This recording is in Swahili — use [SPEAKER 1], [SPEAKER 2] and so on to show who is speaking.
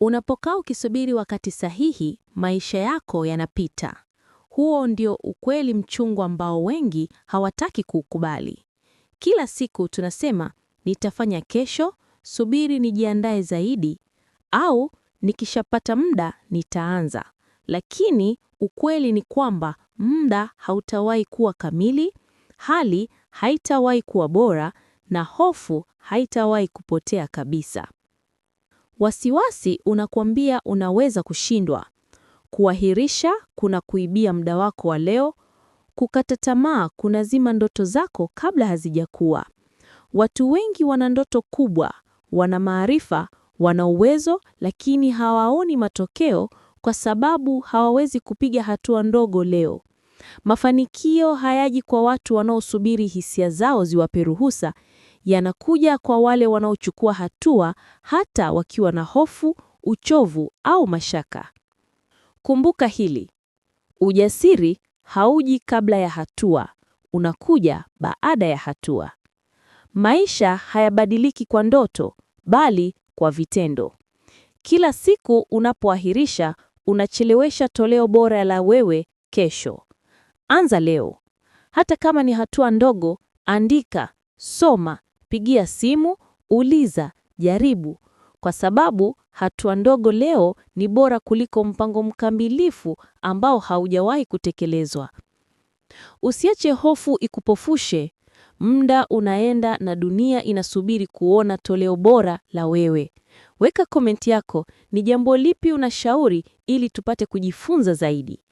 [SPEAKER 1] Unapokaa ukisubiri wakati sahihi, maisha yako yanapita. Huo ndio ukweli mchungu ambao wengi hawataki kuukubali. Kila siku tunasema nitafanya kesho, subiri nijiandae zaidi, au nikishapata muda nitaanza. Lakini ukweli ni kwamba muda hautawahi kuwa kamili, hali haitawahi kuwa bora, na hofu haitawahi kupotea kabisa. Wasiwasi unakuambia unaweza kushindwa. Kuahirisha kuna kuibia muda wako wa leo. Kukata tamaa kunazima ndoto zako kabla hazijakuwa. Watu wengi wana ndoto kubwa, wana maarifa, wana uwezo, lakini hawaoni matokeo kwa sababu hawawezi kupiga hatua ndogo leo. Mafanikio hayaji kwa watu wanaosubiri hisia zao ziwape ruhusa yanakuja kwa wale wanaochukua hatua hata wakiwa na hofu, uchovu au mashaka. Kumbuka hili. Ujasiri hauji kabla ya hatua, unakuja baada ya hatua. Maisha hayabadiliki kwa ndoto, bali kwa vitendo. Kila siku unapoahirisha, unachelewesha toleo bora la wewe kesho. Anza leo. Hata kama ni hatua ndogo, andika, soma pigia simu, uliza, jaribu, kwa sababu hatua ndogo leo ni bora kuliko mpango mkamilifu ambao haujawahi kutekelezwa. Usiache hofu ikupofushe. Muda unaenda na dunia inasubiri kuona toleo bora la wewe. Weka komenti yako, ni jambo lipi unashauri ili tupate kujifunza zaidi.